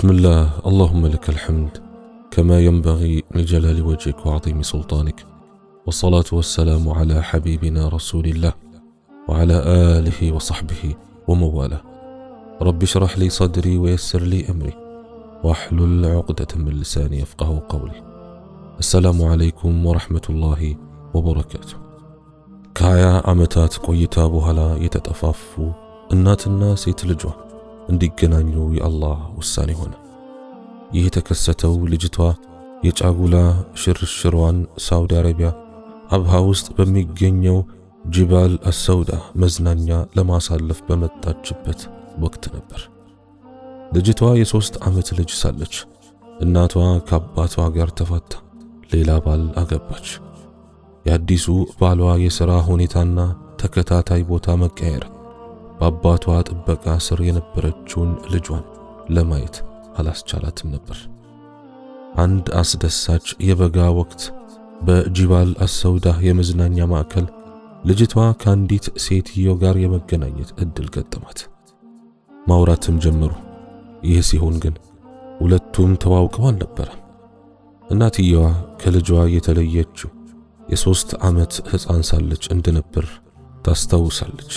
بسم الله اللهم لك الحمد كما ينبغي لجلال وجهك وعظيم سلطانك والصلاة والسلام على حبيبنا رسول الله وعلى آله وصحبه ومواله رب اشرح لي صدري ويسر لي أمري واحلل عقدة من لساني يفقه قولي السلام عليكم ورحمة الله وبركاته كايا عمتات قويتا بوهلا يتتفاف الناس الناس يتلجوه እንዲገናኙ የአላህ ውሳኔ ሆነ። ይህ የተከሰተው ልጅቷ የጫጉላ ሽርሽሯን ሳውዲ አረቢያ አብሃ ውስጥ በሚገኘው ጅባል አሰውዳ መዝናኛ ለማሳለፍ በመጣችበት ወቅት ነበር። ልጅቷ የሦስት ዓመት ልጅ ሳለች እናቷ ከአባቷ ጋር ተፋታ፣ ሌላ ባል አገባች። የአዲሱ ባሏ የሥራ ሁኔታና ተከታታይ ቦታ መቀየር በአባቷ ጥበቃ ስር የነበረችውን ልጇን ለማየት አላስቻላትም ነበር። አንድ አስደሳች የበጋ ወቅት በጂባል አሰውዳ የመዝናኛ ማዕከል ልጅቷ ከአንዲት ሴትዮ ጋር የመገናኘት እድል ገጠማት። ማውራትም ጀመሩ። ይህ ሲሆን ግን ሁለቱም ተዋውቀው አልነበረም። እናትየዋ ከልጇ የተለየችው የሦስት ዓመት ሕፃን ሳለች እንደነበር ታስታውሳለች።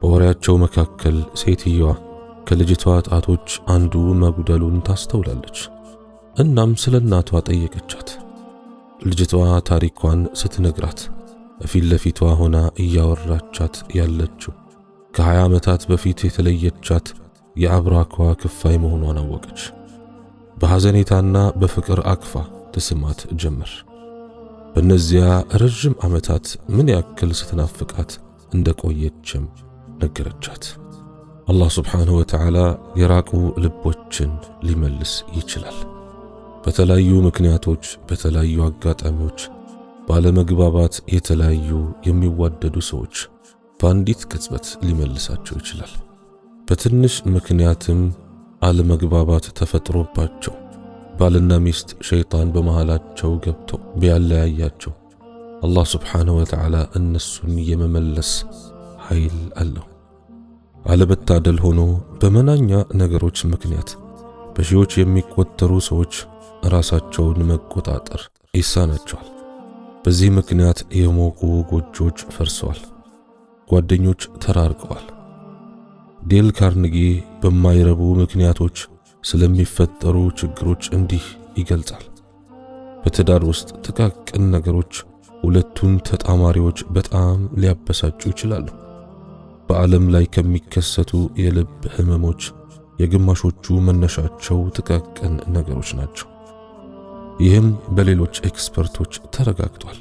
በወሬያቸው መካከል ሴትየዋ ከልጅቷ ጣቶች አንዱ መጉደሉን ታስተውላለች። እናም ስለ እናቷ ጠየቀቻት። ልጅቷ ታሪኳን ስትነግራት በፊት ለፊቷ ሆና እያወራቻት ያለችው ከ20 ዓመታት በፊት የተለየቻት የአብራኳ ክፋይ መሆኗን አወቀች። በሐዘኔታና በፍቅር አቅፋ ትስማት ጀመር። በእነዚያ ረዥም ዓመታት ምን ያክል ስትናፍቃት እንደቆየችም ነገረቻት። አላህ ስብሓንሁ ወተዓላ የራቁ ልቦችን ሊመልስ ይችላል። በተለያዩ ምክንያቶች፣ በተለያዩ አጋጣሚዎች ባለመግባባት የተለያዩ የሚዋደዱ ሰዎች በአንዲት ቅጽበት ሊመልሳቸው ይችላል። በትንሽ ምክንያትም አለመግባባት ተፈጥሮባቸው ባልና ሚስት ሸይጣን በመሃላቸው ገብቶ ቢያለያያቸው አላህ ስብሓንሁ ወተዓላ እነሱን የመመለስ ኃይል አለው። አለመታደል ሆኖ በመናኛ ነገሮች ምክንያት በሺዎች የሚቆጠሩ ሰዎች ራሳቸውን መቆጣጠር ይሳናቸዋል። በዚህ ምክንያት የሞቁ ጎጆች ፈርሰዋል፣ ጓደኞች ተራርቀዋል። ዴል ካርንጌ በማይረቡ ምክንያቶች ስለሚፈጠሩ ችግሮች እንዲህ ይገልጻል። በትዳር ውስጥ ጥቃቅን ነገሮች ሁለቱን ተጣማሪዎች በጣም ሊያበሳጩ ይችላሉ። በዓለም ላይ ከሚከሰቱ የልብ ህመሞች የግማሾቹ መነሻቸው ጥቃቅን ነገሮች ናቸው። ይህም በሌሎች ኤክስፐርቶች ተረጋግጧል።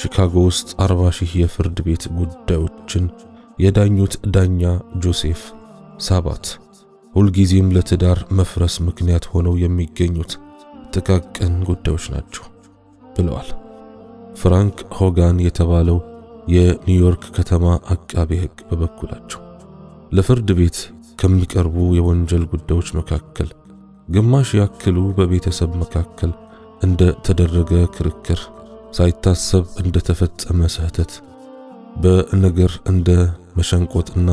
ቺካጎ ውስጥ 40 ሺህ የፍርድ ቤት ጉዳዮችን የዳኙት ዳኛ ጆሴፍ ሳባት ሁልጊዜም ለትዳር መፍረስ ምክንያት ሆነው የሚገኙት ጥቃቅን ጉዳዮች ናቸው ብለዋል። ፍራንክ ሆጋን የተባለው የኒውዮርክ ከተማ አቃቤ ሕግ በበኩላቸው ለፍርድ ቤት ከሚቀርቡ የወንጀል ጉዳዮች መካከል ግማሽ ያክሉ በቤተሰብ መካከል እንደ ተደረገ ክርክር፣ ሳይታሰብ እንደ ተፈጸመ ስህተት፣ በነገር እንደ መሸንቆጥና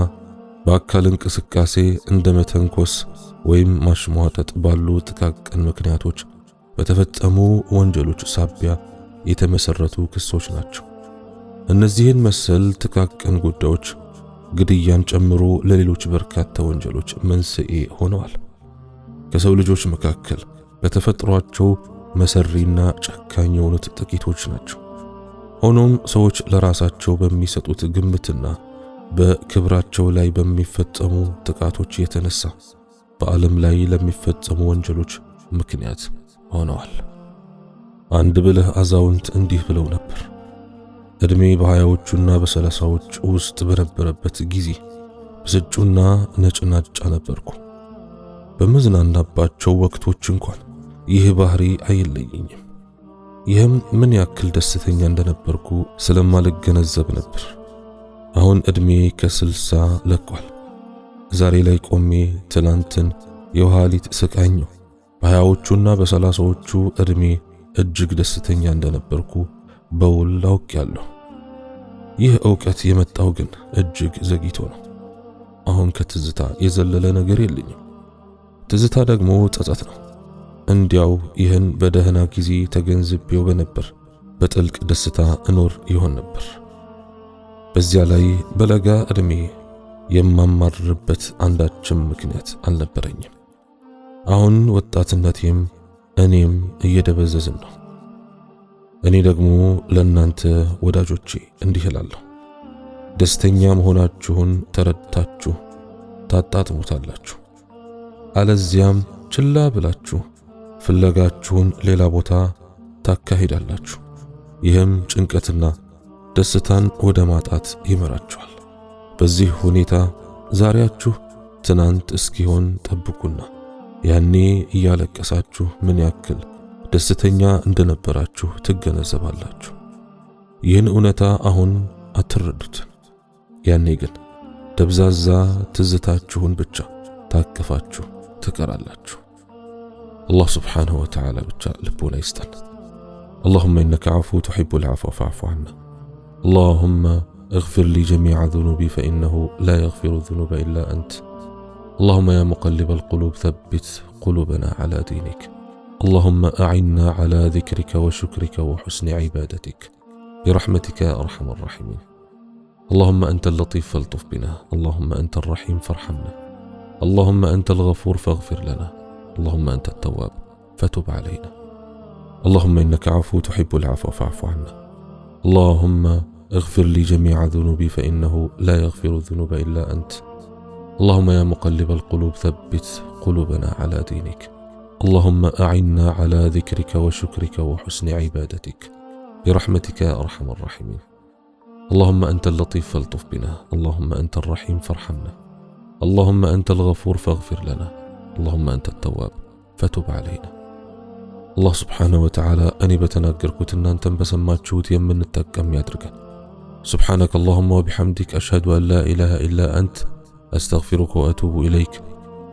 በአካል እንቅስቃሴ እንደ መተንኮስ ወይም ማሽሟጠጥ ባሉ ጥቃቅን ምክንያቶች በተፈጸሙ ወንጀሎች ሳቢያ የተመሰረቱ ክሶች ናቸው። እነዚህን መሰል ጥቃቅን ጉዳዮች ግድያን ጨምሮ ለሌሎች በርካታ ወንጀሎች መንስኤ ሆነዋል። ከሰው ልጆች መካከል በተፈጥሯቸው መሰሪና ጨካኝ የሆኑት ጥቂቶች ናቸው። ሆኖም ሰዎች ለራሳቸው በሚሰጡት ግምትና በክብራቸው ላይ በሚፈጸሙ ጥቃቶች የተነሳ በዓለም ላይ ለሚፈጸሙ ወንጀሎች ምክንያት ሆነዋል። አንድ ብልህ አዛውንት እንዲህ ብለው ነበር እድሜ በሀያዎቹና በሰላሳዎች ውስጥ በነበረበት ጊዜ ብስጩና ነጭናጫ ነበርኩ። በመዝናናባቸው ወቅቶች እንኳን ይህ ባህሪ አይለየኝም። ይህም ምን ያክል ደስተኛ እንደነበርኩ ስለማልገነዘብ ነበር። አሁን እድሜ ከስልሳ ለቋል። ዛሬ ላይ ቆሜ ትላንትን የኋሊት ስቃኘው በሀያዎቹና በሰላሳዎቹ እድሜ እጅግ ደስተኛ እንደነበርኩ በውል አውቅ ያለሁ። ይህ እውቀት የመጣው ግን እጅግ ዘግይቶ ነው። አሁን ከትዝታ የዘለለ ነገር የለኝም። ትዝታ ደግሞ ጸጸት ነው። እንዲያው ይህን በደህና ጊዜ ተገንዝቤው በነበር በጥልቅ ደስታ እኖር ይሆን ነበር። በዚያ ላይ በለጋ ዕድሜ የማማርርበት አንዳችም ምክንያት አልነበረኝም። አሁን ወጣትነቴም እኔም እየደበዘዝን ነው። እኔ ደግሞ ለእናንተ ወዳጆቼ እንዲህ እላለሁ፣ ደስተኛ መሆናችሁን ተረድታችሁ ታጣጥሙታላችሁ። አለዚያም ችላ ብላችሁ ፍለጋችሁን ሌላ ቦታ ታካሂዳላችሁ። ይህም ጭንቀትና ደስታን ወደ ማጣት ይመራችኋል። በዚህ ሁኔታ ዛሬያችሁ ትናንት እስኪሆን ጠብቁና ያኔ እያለቀሳችሁ ምን ያክል ደስተኛ እንደነበራችሁ ትገነዘባላችሁ። ይህን እውነታ አሁን አትረዱትም። ያኔ ግን ደብዛዛ ትዝታችሁን ብቻ ታቅፋችሁ ትቀራላችሁ። አላህ ስብሓንሁ ወተዓላ ብቻ ልቦና ይስጠን። አላሁመ ኢነከ ዓፉ ቱሒቡል ዓፍወ ፈዕፉ ዐና አላሁመ እግፊር ሊ ጀሚዐ ዙኑቢ ፈኢነሁ ላ የግፊሩ ዙኑበ ኢላ አንት አላሁመ ያ ሙቀሊበል ቁሉብ ተቢት ቁሉበና ዐላ ዲኒክ اللهم أعنا على ذكرك وشكرك وحسن عبادتك برحمتك يا أرحم الراحمين اللهم أنت اللطيف فالطف بنا اللهم أنت الرحيم فارحمنا اللهم أنت الغفور فاغفر لنا اللهم أنت التواب فتب علينا اللهم إنك عفو تحب العفو فاعف عنا اللهم اغفر لي جميع ذنوبي فإنه لا يغفر الذنوب إلا أنت اللهم يا مقلب القلوب ثبت قلوبنا على دينك اللهم أعنا على ذكرك وشكرك وحسن عبادتك برحمتك يا أرحم الراحمين اللهم أنت اللطيف فالطف بنا اللهم أنت الرحيم فارحمنا اللهم أنت الغفور فاغفر لنا اللهم أنت التواب فتب علينا الله سبحانه وتعالى أني بتناقركوتنا أنتم تشوت يم من التكم يدرك سبحانك اللهم وبحمدك أشهد أن لا إله إلا أنت أستغفرك وأتوب إليك